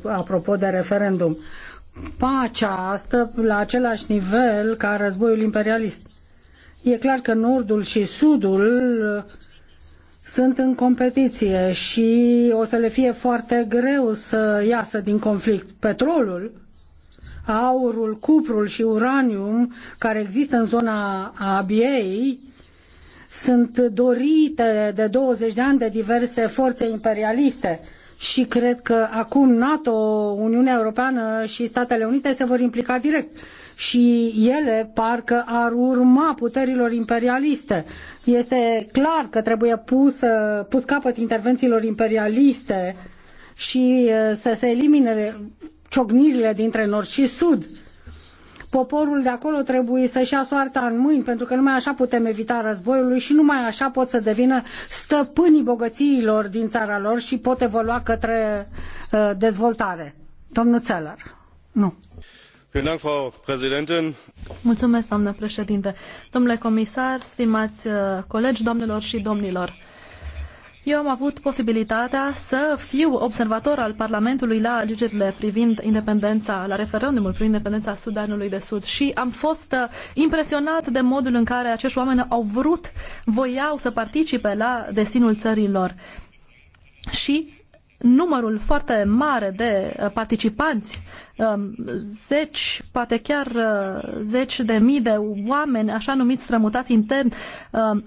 apropo de referendum pacea stă la același nivel ca războiul imperialist. E clar că nordul și sudul uh, sunt în competiție și o să le fie foarte greu să iasă din conflict. Petrolul, aurul, cuprul și uranium care există în zona Abiei sunt dorite de 20 de ani de diverse forțe imperialiste și cred că acum NATO, Uniunea Europeană și Statele Unite se vor implica direct și ele parcă ar urma puterilor imperialiste. Este clar că trebuie pus, pus capăt intervențiilor imperialiste și uh, să se elimine ciocnirile dintre nord și sud Poporul de acolo trebuie să-și ia soarta în mâini, pentru că numai așa putem evita războiul și numai așa pot să devină stăpânii bogățiilor din țara lor și pot evolua către uh, dezvoltare. Domnul Țeller. Nu. Mulțumesc, doamnă președinte. Domnule comisar, stimați uh, colegi, doamnelor și domnilor. Eu am avut posibilitatea să fiu observator al Parlamentului la alegerile privind independența, la referendumul privind independența Sudanului de Sud și am fost uh, impresionat de modul în care acești oameni au vrut, voiau să participe la destinul țărilor. Și numărul foarte mare de uh, participanți, um, zeci, poate chiar uh, zeci de mii de oameni, așa numiți strămutați intern, um,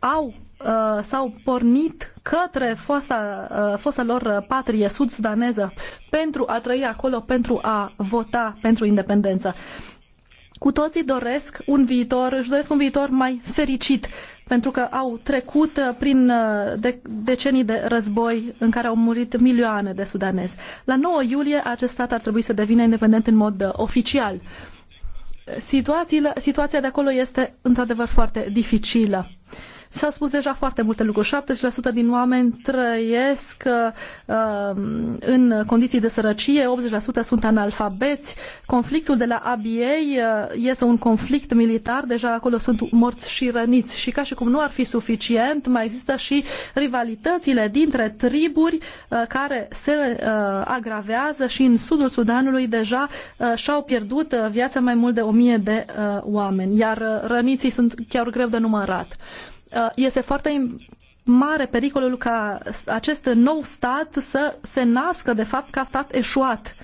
au Uh, s-au pornit către fosta, uh, fosta lor patrie sud-sudaneză pentru a trăi acolo, pentru a vota pentru independență. Cu toții doresc un viitor, își doresc un viitor mai fericit, pentru că au trecut uh, prin uh, decenii de război în care au murit milioane de sudanezi. La 9 iulie acest stat ar trebui să devină independent în mod oficial. Situația de acolo este într-adevăr foarte dificilă. S-au spus deja foarte multe lucruri. 70% din oameni trăiesc uh, în condiții de sărăcie, 80% sunt analfabeți. Conflictul de la ABA uh, este un conflict militar, deja acolo sunt morți și răniți. Și ca și cum nu ar fi suficient, mai există și rivalitățile dintre triburi uh, care se uh, agravează și în sudul Sudanului deja uh, și-au pierdut uh, viața mai mult de 1000 de oameni, iar răniții sunt chiar greu de numărat. Uh, este foarte mare pericolul ca acest nou stat să se nască, de fapt, ca stat eșuat.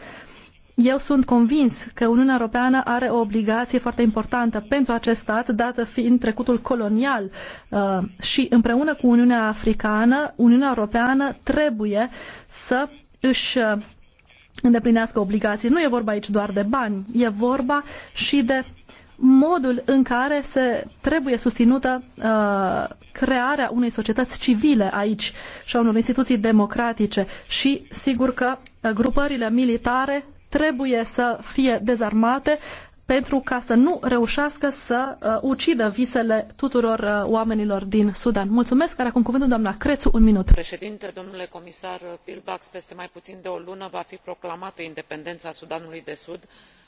Eu sunt convins că Uniunea Europeană are o obligație foarte importantă pentru acest stat, dată fiind trecutul colonial uh, și împreună cu Uniunea Africană, Uniunea Europeană trebuie să își uh, îndeplinească obligații. Nu e vorba aici doar de bani, e vorba și de modul în care se trebuie susținută uh, crearea unei societăți civile aici și a unor instituții democratice și sigur că uh, grupările militare trebuie să fie dezarmate pentru ca să nu reușească să uh, ucidă visele tuturor uh, oamenilor din Sudan. Mulțumesc, care acum cuvântul doamna Crețu, un minut. Președinte, domnule comisar Pilbax, peste mai puțin de o lună va fi proclamată independența Sudanului de Sud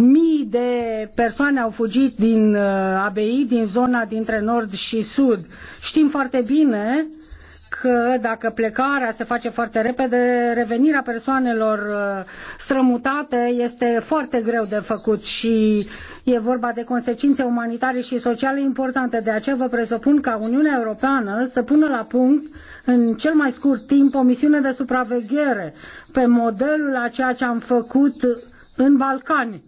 Mii de persoane au fugit din uh, ABI, din zona dintre nord și sud. Știm foarte bine că dacă plecarea se face foarte repede, revenirea persoanelor uh, strămutate este foarte greu de făcut și e vorba de consecințe umanitare și sociale importante. De aceea vă presupun ca Uniunea Europeană să pună la punct în cel mai scurt timp o misiune de supraveghere pe modelul a ceea ce am făcut în Balcani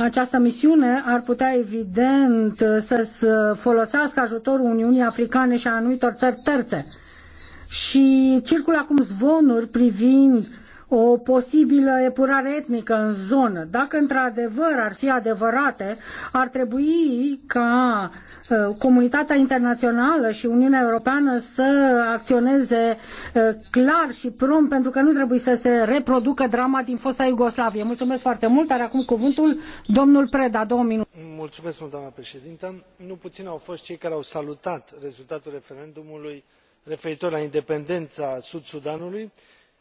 această misiune ar putea, evident, să folosească ajutorul Uniunii Africane și a anumitor țări terțe. Și circulă acum zvonuri privind o posibilă epurare etnică în zonă. Dacă într-adevăr ar fi adevărate, ar trebui ca uh, comunitatea internațională și Uniunea Europeană să acționeze uh, clar și prompt, pentru că nu trebuie să se reproducă drama din fosta Iugoslavie. Mulțumesc foarte mult, are acum cuvântul domnul Preda, două minute. Mulțumesc mult, doamna președintă. Nu puțin au fost cei care au salutat rezultatul referendumului referitor la independența sud sudanului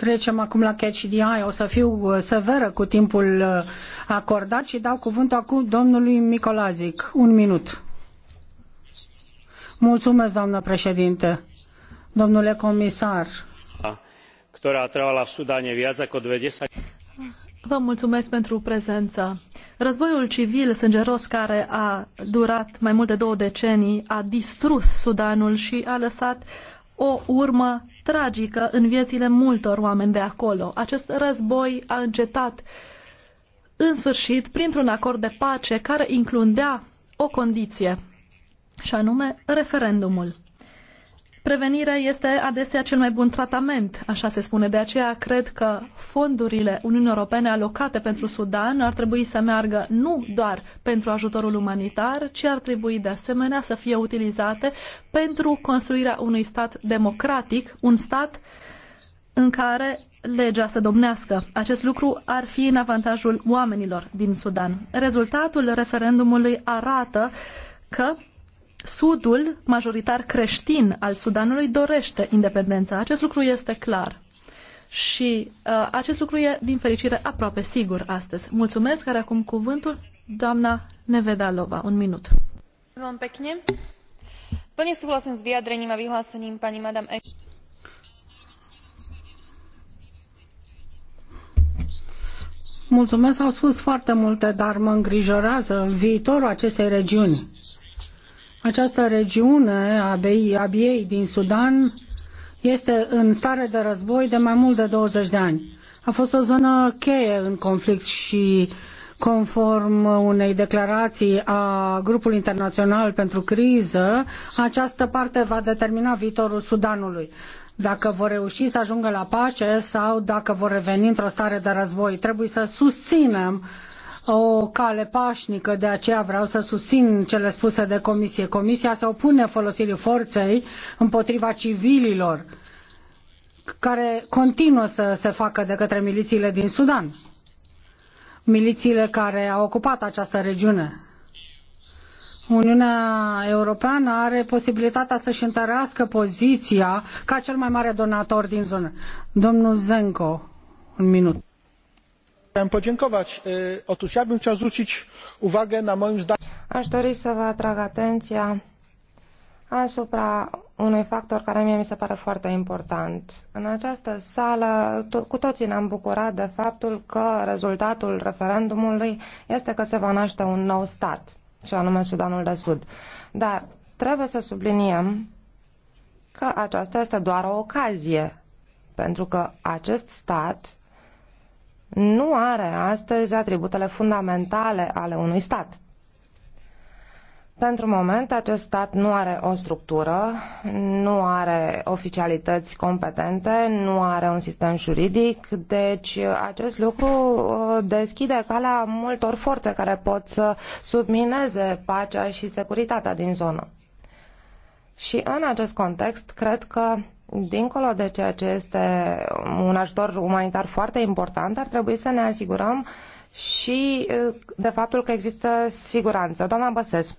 Trecem acum la Catch the Eye. O să fiu uh, severă cu timpul uh, acordat și dau cuvântul acum domnului Micolazic. Un minut. Mulțumesc, doamnă președinte. Domnule comisar. Ktorá trvala Sudáne viac ako 20... Vă mulțumesc pentru prezență. Războiul civil sângeros care a durat mai mult de două decenii a distrus Sudanul și a lăsat o urmă tragică în viețile multor oameni de acolo. Acest război a încetat în sfârșit printr-un acord de pace care includea o condiție, și anume referendumul. Prevenirea este adesea cel mai bun tratament, așa se spune. De aceea cred că fondurile Uniunii Europene alocate pentru Sudan ar trebui să meargă nu doar pentru ajutorul umanitar, ci ar trebui de asemenea să fie utilizate pentru construirea unui stat democratic, un stat în care legea să domnească. Acest lucru ar fi în avantajul oamenilor din Sudan. Rezultatul referendumului arată că Sudul, majoritar creștin al Sudanului, dorește independența. Acest lucru este clar. Și uh, acest lucru e, din fericire, aproape sigur astăzi. Mulțumesc, care acum cuvântul, doamna Nevedalova. Un minut. Vă Plne súhlasím s vyjadrením a vyhlásením pani Madame Ashton. Mulțumesc, au spus foarte multe, dar mă îngrijorează viitorul acestei regiuni această regiune a Abiei din Sudan este în stare de război de mai mult de 20 de ani. A fost o zonă cheie în conflict și conform unei declarații a grupului internațional pentru criză, această parte va determina viitorul Sudanului dacă vor reuși să ajungă la pace sau dacă vor reveni într-o stare de război. Trebuie să susținem uh, o cale pașnică, de aceea vreau să susțin cele spuse de comisie. Comisia se opune folosirii forței împotriva civililor care continuă să se facă de către milițiile din Sudan, milițiile care au ocupat această regiune. Uniunea Europeană are posibilitatea să-și întărească poziția ca cel mai mare donator din zonă. Domnul Zenko, un minut a dori să vă atrag atenia asupra unui factor care mie mi se pare foarte important. În această sală cu toții ne-am bucurat de faptul că rezultatul referendumului este că se va naște un nou stat, i anume Sudanul de Sud. Dar trebuie să subliniem că aceasta este doar o ocazie, pentru că acest stat nu are astăzi atributele fundamentale ale unui stat. Pentru moment, acest stat nu are o structură, nu are oficialități competente, nu are un sistem juridic, deci acest lucru uh, deschide calea multor forțe care pot să submineze pacea și securitatea din zonă. Și în acest context, cred că dincolo de ceea ce este un ajutor umanitar foarte important, ar trebui să ne asigurăm și de faptul că există siguranță. Doamna Băsescu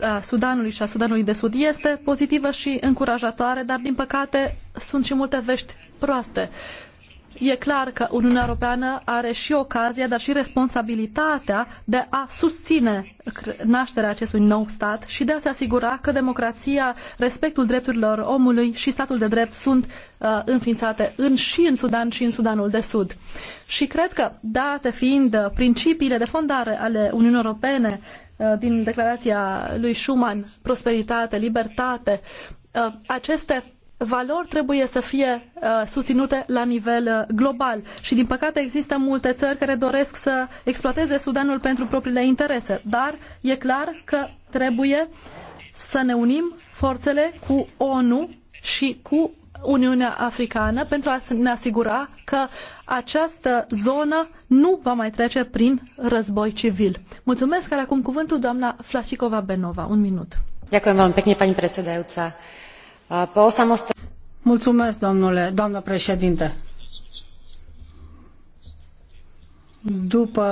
a Sudanului și a Sudanului de Sud este pozitivă și încurajatoare, dar din păcate sunt și multe vești proaste. E clar că Uniunea Europeană are și ocazia, dar și responsabilitatea de a susține nașterea acestui nou stat și de a se asigura că democrația, respectul drepturilor omului și statul de drept sunt uh, înființate în, și în Sudan și în Sudanul de Sud. Și cred că, date fiind principiile de fondare ale Uniunii Europene Uh, din declarația lui Schuman, prosperitate, libertate, uh, aceste valori trebuie să fie uh, susținute la nivel global și din păcate există multe țări care doresc să exploateze Sudanul pentru propriile interese, dar e clar că trebuie să ne unim forțele cu ONU și cu Uniunea Africană pentru a ne asigura că această zonă nu va mai trece prin război civil. Mulțumesc, are acum cuvântul doamna Flasicova Benova. Un minut. Mulțumesc, domnule, doamnă președinte După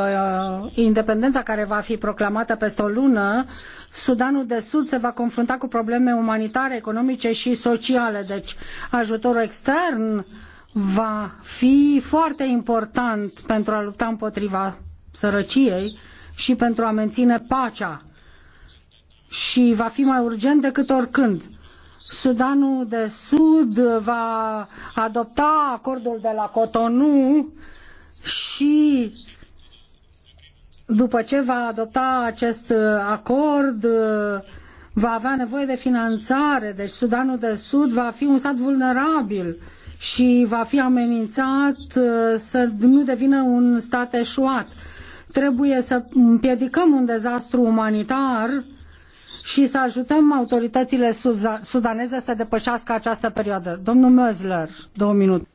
uh, independența care va fi proclamată peste o lună, Sudanul de Sud se va confrunta cu probleme umanitare, economice și sociale. Deci ajutorul extern va fi foarte important pentru a lupta împotriva sărăciei și pentru a menține pacea și va fi mai urgent decât oricând. Sudanul de Sud va adopta acordul de la Cotonou și după ce va adopta acest uh, acord, uh, va avea nevoie de finanțare, deci Sudanul de Sud va fi un stat vulnerabil și va fi amenințat uh, să nu devină un stat eșuat. Trebuie să împiedicăm un dezastru umanitar și să ajutăm autoritățile sudaneze să depășească această perioadă. Domnul Mözler, două minute.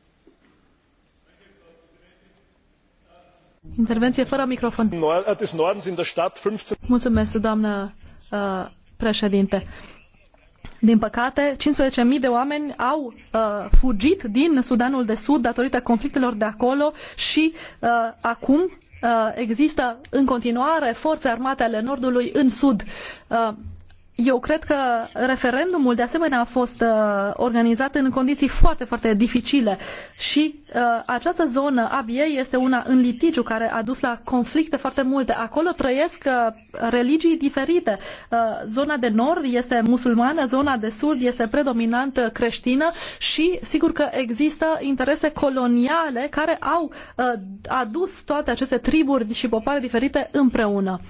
Intervenție fără microfon. Äh, Mulțumesc, doamnă uh, președinte. Din păcate, 15.000 de oameni au uh, fugit din Sudanul de Sud datorită conflictelor de acolo și uh, acum uh, există în continuare forțe armate ale Nordului în Sud. Uh, eu cred că referendumul de asemenea a fost uh, organizat în condiții foarte, foarte dificile și Uh, această zonă a este una în litigiu care a dus la conflicte foarte multe. Acolo trăiesc uh, religii diferite. Uh, zona de nord este musulmană, zona de sud este predominant creștină și sigur că există interese coloniale care au adus toate aceste triburi și popoare diferite împreună.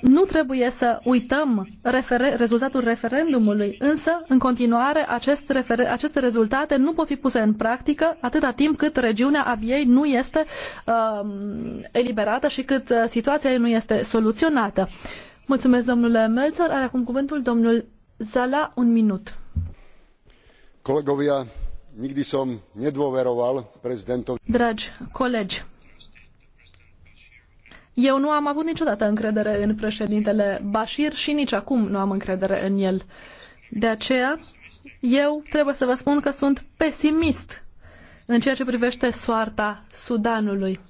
Nu trebuie să uităm refer rezultatul referendumului, însă în continuare acest aceste rezultate nu pot fi puse în practică atâta timp cât regiunea Abiei nu este uh, eliberată și cât uh, situația ei nu este soluționată. Mulțumesc, domnule Melzer. Are acum cuvântul domnul Zala, un minut. Colegovia, nigdy som nedôveroval prezidentovi. Dragi colegi, eu nu am avut niciodată încredere în președintele Bashir și nici acum nu am încredere în el. De aceea, eu trebuie să vă spun că sunt pesimist în ceea ce privește soarta Sudanului.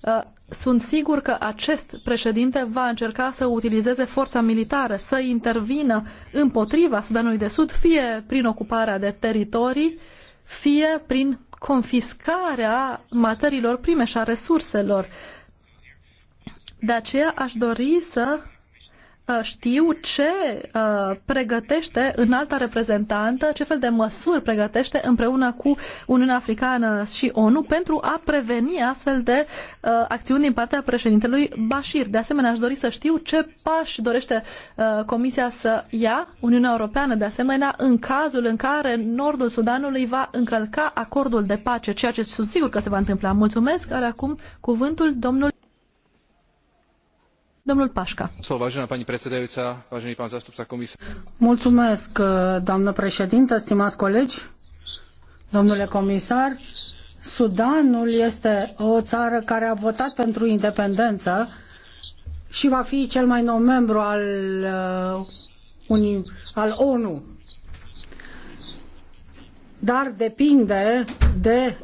Uh, sunt sigur că acest președinte va încerca să utilizeze forța militară, să intervină împotriva Sudanului de Sud, fie prin ocuparea de teritorii, fie prin confiscarea materiilor prime și a resurselor. De aceea aș dori să Uh, știu ce uh, pregătește înalta reprezentantă, ce fel de măsuri pregătește împreună cu Uniunea Africană și ONU pentru a preveni astfel de uh, acțiuni din partea președintelui Bashir. De asemenea, aș dori să știu ce pași dorește uh, Comisia să ia, Uniunea Europeană, de asemenea, în cazul în care Nordul Sudanului va încălca acordul de pace, ceea ce sunt sigur că se va întâmpla. Mulțumesc, are acum cuvântul domnul Domnul Pașca. Mulțumesc, uh, doamnă președintă, stimați colegi, domnule comisar. Sudanul este o țară care a votat pentru independență și va fi cel mai nou membru al, uh, al ONU. Dar depinde de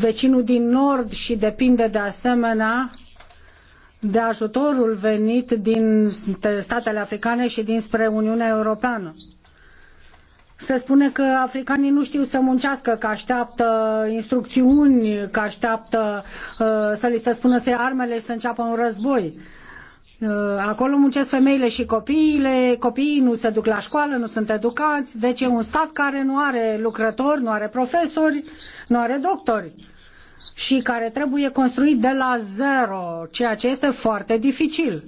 vecinul din nord și depinde de asemenea de ajutorul venit din statele africane și dinspre Uniunea Europeană. Se spune că africanii nu știu să muncească, că așteaptă instrucțiuni, că așteaptă uh, să li se spună să ia armele și să înceapă un război. Uh, acolo muncesc femeile și copiile, copiii nu se duc la școală, nu sunt educați, deci e un stat care nu are lucrători, nu are profesori, nu are doctori și care trebuie construit de la zero, ceea ce este foarte dificil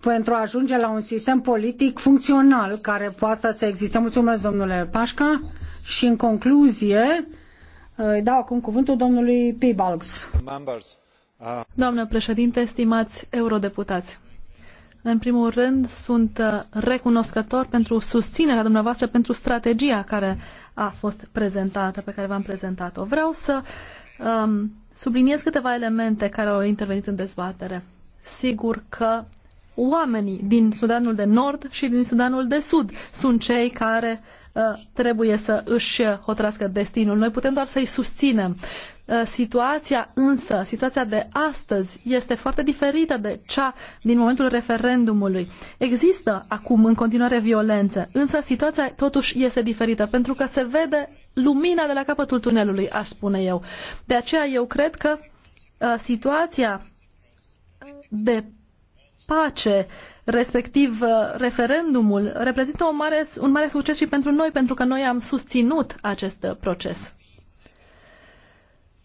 pentru a ajunge la un sistem politic funcțional care poate să existe. Mulțumesc, domnule Pașca. Și în concluzie, îi dau acum cuvântul domnului Pibalgs. Uh, Doamnă președinte, stimați eurodeputați, în primul rând, sunt uh, recunoscător pentru susținerea dumneavoastră pentru strategia care a fost prezentată, pe care v-am prezentat-o. Vreau să um, subliniez câteva elemente care au intervenit în dezbatere. Sigur că oamenii din Sudanul de Nord și din Sudanul de Sud sunt cei care uh, Uh, trebuie să își hotărască destinul. Noi putem doar să-i susținem. Uh, situația însă, situația de astăzi este foarte diferită de cea din momentul referendumului. Există acum în continuare violențe, însă situația totuși este diferită pentru că se vede lumina de la capătul tunelului, aș spune eu. De aceea eu cred că uh, situația de pace, respectiv uh, referendumul, reprezintă un mare, un mare succes și pentru noi, pentru că noi am susținut acest uh, proces.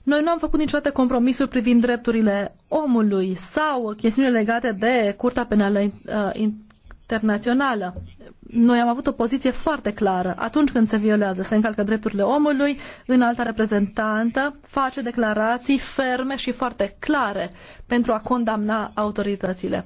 Noi nu am făcut niciodată compromisuri privind drepturile omului sau chestiuni legate de Curtea Penală uh, Internațională noi am avut o poziție foarte clară. Atunci când se violează, se încalcă drepturile omului, în alta reprezentantă face declarații ferme și foarte clare pentru a condamna autoritățile.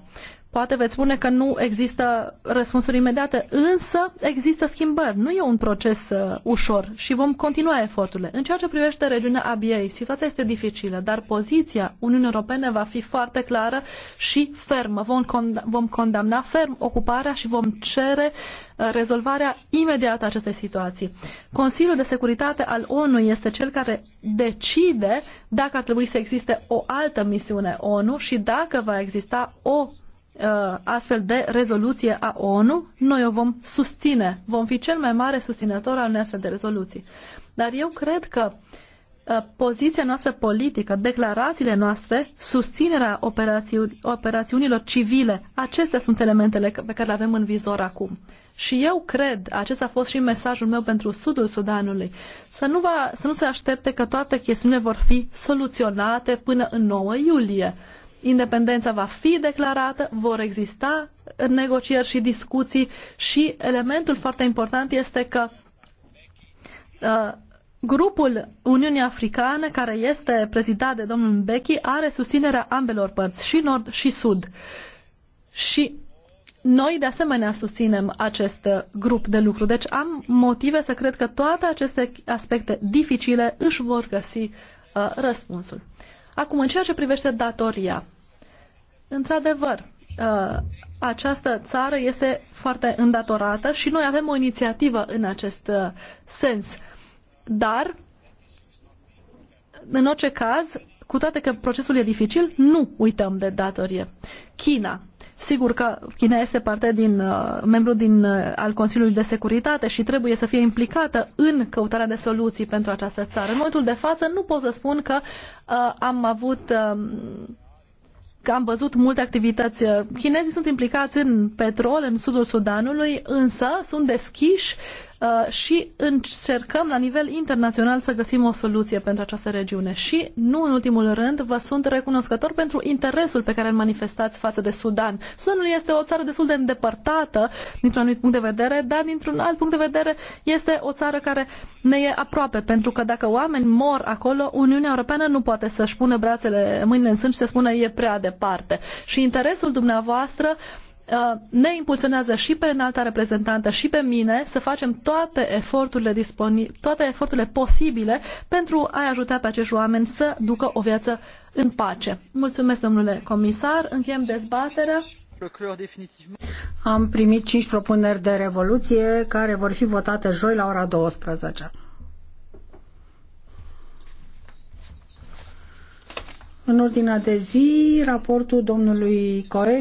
Poate veți spune că nu există răspunsuri imediate, însă există schimbări. Nu e un proces uh, ușor și vom continua eforturile. În ceea ce privește regiunea ABA, situația este dificilă, dar poziția Uniunii Europene va fi foarte clară și fermă. Vom, vom condamna ferm ocuparea și vom cere uh, rezolvarea imediată a acestei situații. Consiliul de Securitate al ONU este cel care decide dacă ar trebui să existe o altă misiune ONU și dacă va exista o Uh, astfel de rezoluție a ONU, noi o vom susține. Vom fi cel mai mare susținător al unei astfel de rezoluții. Dar eu cred că uh, poziția noastră politică, declarațiile noastre, susținerea operațiunilor civile, acestea sunt elementele pe care le avem în vizor acum. Și eu cred, acesta a fost și mesajul meu pentru sudul Sudanului, să nu, va, să nu se aștepte că toate chestiunile vor fi soluționate până în 9 iulie independența va fi declarată, vor exista negocieri și discuții și elementul foarte important este că uh, Grupul Uniunii Africane, care este prezidat de domnul Mbeki, are susținerea ambelor părți, și nord și sud. Și noi, de asemenea, susținem acest uh, grup de lucru. Deci am motive să cred că toate aceste aspecte dificile își vor găsi uh, răspunsul. Acum, în ceea ce privește datoria, Într-adevăr, uh, această țară este foarte îndatorată și noi avem o inițiativă în acest uh, sens. Dar, în orice caz, cu toate că procesul e dificil, nu uităm de datorie. China. Sigur că China este parte din uh, membru din, uh, al Consiliului de Securitate și trebuie să fie implicată în căutarea de soluții pentru această țară. În momentul de față nu pot să spun că uh, am avut uh, am văzut multe activități. Uh, chinezii sunt implicați în petrol în sudul Sudanului, însă sunt deschiși Uh, și încercăm la nivel internațional să găsim o soluție pentru această regiune. Și, nu în ultimul rând, vă sunt recunoscător pentru interesul pe care îl manifestați față de Sudan. Sudanul este o țară destul de îndepărtată dintr-un anumit punct de vedere, dar dintr-un alt punct de vedere este o țară care ne e aproape, pentru că dacă oameni mor acolo, Uniunea Europeană nu poate să-și pune brațele, mâinile în sân și să spună e prea departe. Și interesul dumneavoastră uh, Uh, ne impulsionează și pe înalta reprezentantă și pe mine să facem toate eforturile, disponi- toate eforturile posibile pentru a ajuta pe acești oameni să ducă o viață în pace. Mulțumesc, domnule comisar. Încheiem dezbaterea. Am primit cinci propuneri de revoluție care vor fi votate joi la ora 12. În ordinea de zi, raportul domnului Coel